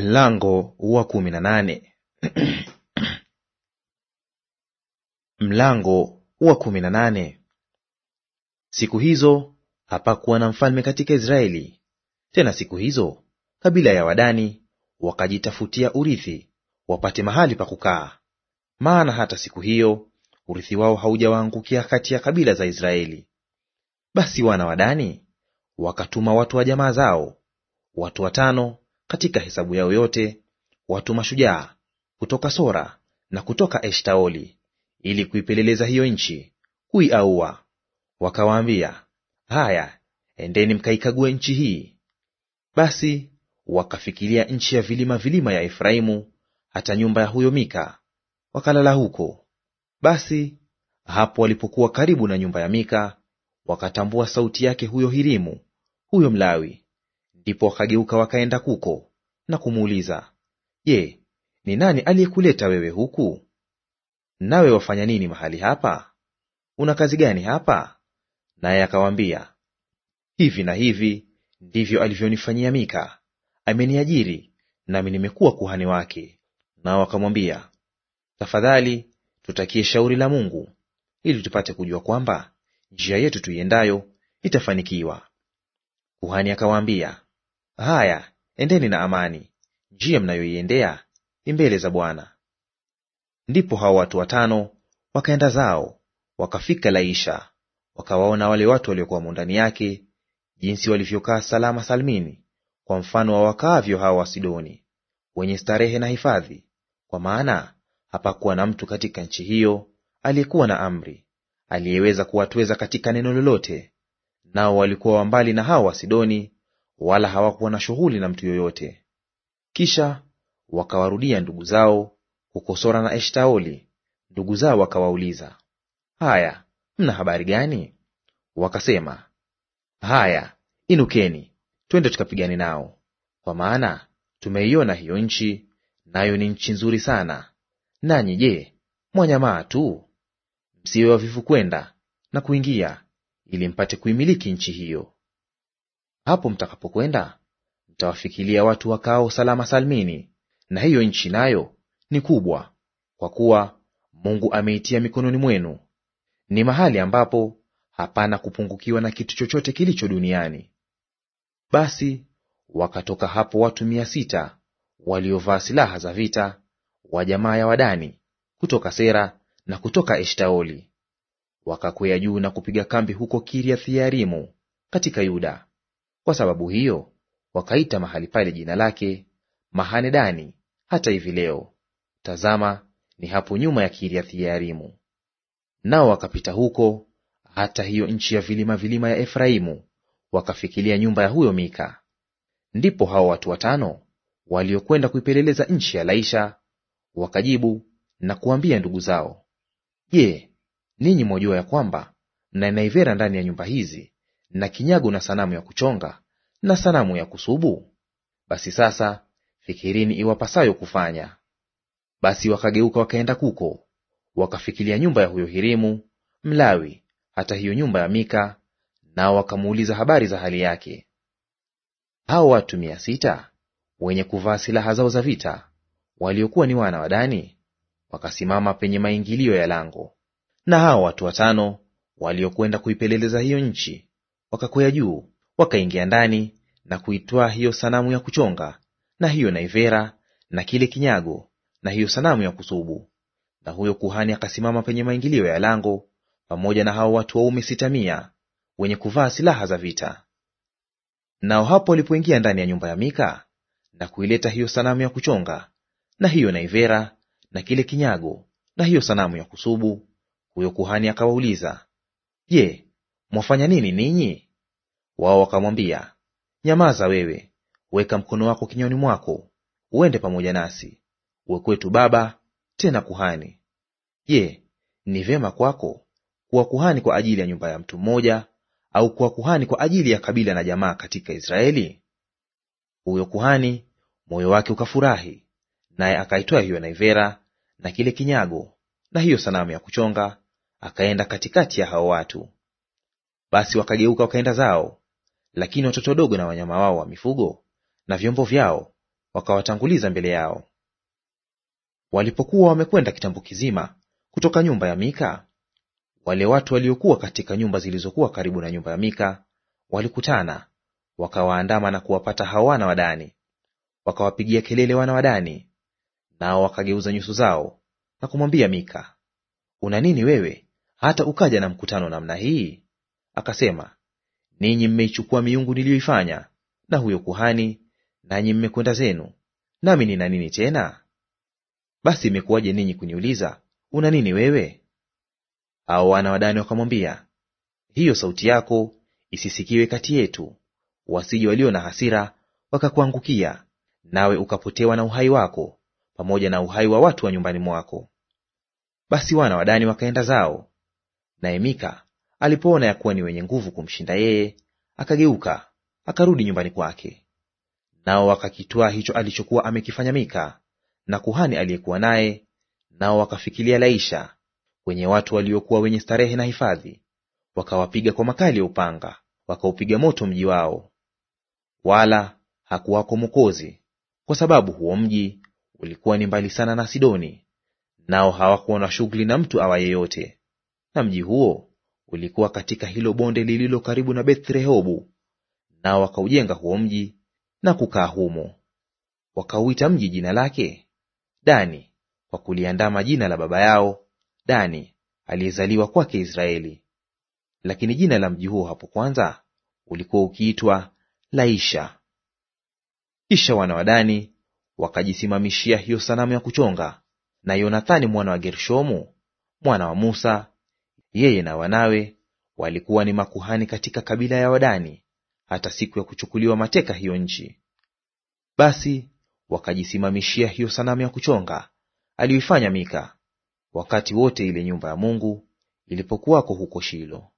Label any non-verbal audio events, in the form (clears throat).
Mlango wa kumi na nane. (clears throat) Mlango wa kumi na nane. Siku hizo hapakuwa na mfalme katika Israeli. Tena siku hizo kabila ya Wadani wakajitafutia urithi, wapate mahali pa kukaa, maana hata siku hiyo urithi wao haujawaangukia kati ya kabila za Israeli. Basi wana Wadani wakatuma watu wa jamaa zao, watu watano katika hesabu yao yote watu mashujaa kutoka Sora na kutoka Eshtaoli, ili kuipeleleza hiyo nchi, kuiaua. Wakawaambia, haya, endeni mkaikague nchi hii. Basi wakafikiria nchi ya vilima vilima ya Efraimu hata nyumba ya huyo Mika, wakalala huko. Basi hapo walipokuwa karibu na nyumba ya Mika, wakatambua sauti yake huyo Hirimu, huyo Mlawi. Ndipo wakageuka wakaenda kuko, na kumuuliza, Je, ni nani aliyekuleta wewe huku? Nawe wafanya nini mahali hapa? Una kazi gani hapa? Naye akawaambia, hivi na hivi ndivyo alivyonifanyia Mika, ameniajiri nami nimekuwa kuhani wake. Nao akamwambia, tafadhali tutakie shauri la Mungu, ili tupate kujua kwamba njia yetu tuiendayo itafanikiwa. Kuhani akawaambia, haya endeni na amani; njia mnayoiendea ni mbele za Bwana. Ndipo hao watu watano wakaenda zao, wakafika Laisha, wakawaona wale watu waliokuwa ndani yake, jinsi walivyokaa salama salmini, kwa mfano wa wakaavyo hao Wasidoni, wenye starehe na hifadhi, kwa maana hapakuwa na mtu katika nchi hiyo aliyekuwa na amri, aliyeweza kuwatweza katika neno lolote; nao walikuwa wambali na hao Wasidoni wala hawakuwa na shughuli na mtu yoyote. Kisha wakawarudia ndugu zao huko Sora na Eshtaoli. Ndugu zao wakawauliza, haya, mna habari gani? Wakasema, haya, inukeni twende tukapigane nao, kwa maana tumeiona hiyo nchi, nayo ni nchi nzuri sana. Nanyi je, mwanyamaa tu? Msiwe wavivu kwenda na kuingia, ili mpate kuimiliki nchi hiyo. Hapo mtakapokwenda mtawafikilia watu wakao salama salmini, na hiyo nchi nayo ni kubwa, kwa kuwa Mungu ameitia mikononi mwenu. Ni mahali ambapo hapana kupungukiwa na kitu chochote kilicho duniani. Basi wakatoka hapo watu mia sita waliovaa silaha za vita wa jamaa ya Wadani kutoka Sera na kutoka Eshtaoli, wakakwea juu na kupiga kambi huko Kiriathiarimu katika Yuda. Kwa sababu hiyo wakaita mahali pale jina lake Mahanedani hata hivi leo; tazama, ni hapo nyuma ya Kiriathi Yearimu. Nao wakapita huko hata hiyo nchi ya vilima vilima ya Efraimu, wakafikilia nyumba ya huyo Mika. Ndipo hao watu watano waliokwenda kuipeleleza nchi ya Laisha wakajibu na kuambia ndugu zao, Je, ninyi mwajua ya kwamba mnaenaivera ndani ya nyumba hizi na kinyago na sanamu ya kuchonga na sanamu ya kusubu? Basi sasa fikirini iwapasayo kufanya. Basi wakageuka wakaenda kuko, wakafikilia nyumba ya huyo Hirimu Mlawi, hata hiyo nyumba ya Mika, nao wakamuuliza habari za hali yake. Hao watu mia sita wenye kuvaa silaha zao za vita, waliokuwa ni wana wa Dani, wakasimama penye maingilio ya lango. Na hao watu watano waliokwenda kuipeleleza hiyo nchi Wakakwea juu wakaingia ndani na kuitwaa hiyo sanamu ya kuchonga na hiyo naivera na kile kinyago na hiyo sanamu ya kusubu. Na huyo kuhani akasimama penye maingilio ya lango pamoja na hao watu waume sita mia wenye kuvaa silaha za vita. Nao hapo walipoingia ndani ya nyumba ya Mika na kuileta hiyo sanamu ya kuchonga na hiyo naivera na kile kinyago na hiyo sanamu ya kusubu, huyo kuhani akawauliza, Je, mwafanya nini ninyi? Wao wakamwambia, nyamaza wewe, weka mkono wako kinywani mwako, uende pamoja nasi, uwe kwetu baba, tena kuhani. Je, ni vema kwako kuwa kuhani kwa ajili ya nyumba ya mtu mmoja, au kuwa kuhani kwa ajili ya kabila na jamaa katika Israeli? Huyo kuhani moyo wake ukafurahi, naye akaitoa hiyo naivera na kile kinyago na hiyo sanamu ya kuchonga, akaenda katikati ya hao watu. Basi wakageuka wakaenda zao, lakini watoto wadogo na wanyama wao wa mifugo na vyombo vyao wakawatanguliza mbele yao. Walipokuwa wamekwenda kitambo kizima kutoka nyumba ya Mika, wale watu waliokuwa katika nyumba zilizokuwa karibu na nyumba ya Mika walikutana, wakawaandama na kuwapata hao wana wa Dani. Wakawapigia kelele wana wa Dani, nao wakageuza nyuso zao na kumwambia Mika, una nini wewe hata ukaja na mkutano namna hii? akasema, ninyi mmeichukua miungu niliyoifanya na huyo kuhani, nanyi mmekwenda zenu, nami nina nini tena? Basi imekuwaje ninyi kuniuliza, una nini wewe? Hao wana wadani wakamwambia, hiyo sauti yako isisikiwe kati yetu, wasije walio na hasira wakakuangukia, nawe ukapotewa na uhai wako pamoja na uhai wa watu wa nyumbani mwako. Basi wana wadani wakaenda zao, naye Mika Alipoona ya kuwa ni wenye nguvu kumshinda yeye, akageuka akarudi nyumbani kwake. Nao wakakitwaa hicho alichokuwa amekifanya Mika na kuhani aliyekuwa naye, nao wakafikilia Laisha kwenye watu waliokuwa wenye starehe na hifadhi, wakawapiga kwa makali ya upanga, wakaupiga moto mji wao. Wala hakuwako mwokozi, kwa sababu huo mji ulikuwa ni mbali sana na Sidoni, nao hawakuwa na shughuli na mtu awa yeyote. Na mji huo ulikuwa katika hilo bonde lililo karibu na bethrehobu nao wakaujenga huo mji na kukaa humo. Wakauita mji jina lake Dani, kwa kuliandama jina la baba yao Dani aliyezaliwa kwake Israeli. Lakini jina la mji huo hapo kwanza ulikuwa ukiitwa Laisha. Kisha wana wa Dani wakajisimamishia hiyo sanamu ya kuchonga, na Yonathani mwana wa Gershomu mwana wa Musa yeye na wanawe walikuwa ni makuhani katika kabila ya Wadani hata siku ya kuchukuliwa mateka hiyo nchi. Basi wakajisimamishia hiyo sanamu ya kuchonga aliyoifanya Mika, wakati wote ile nyumba ya Mungu ilipokuwako huko Shilo.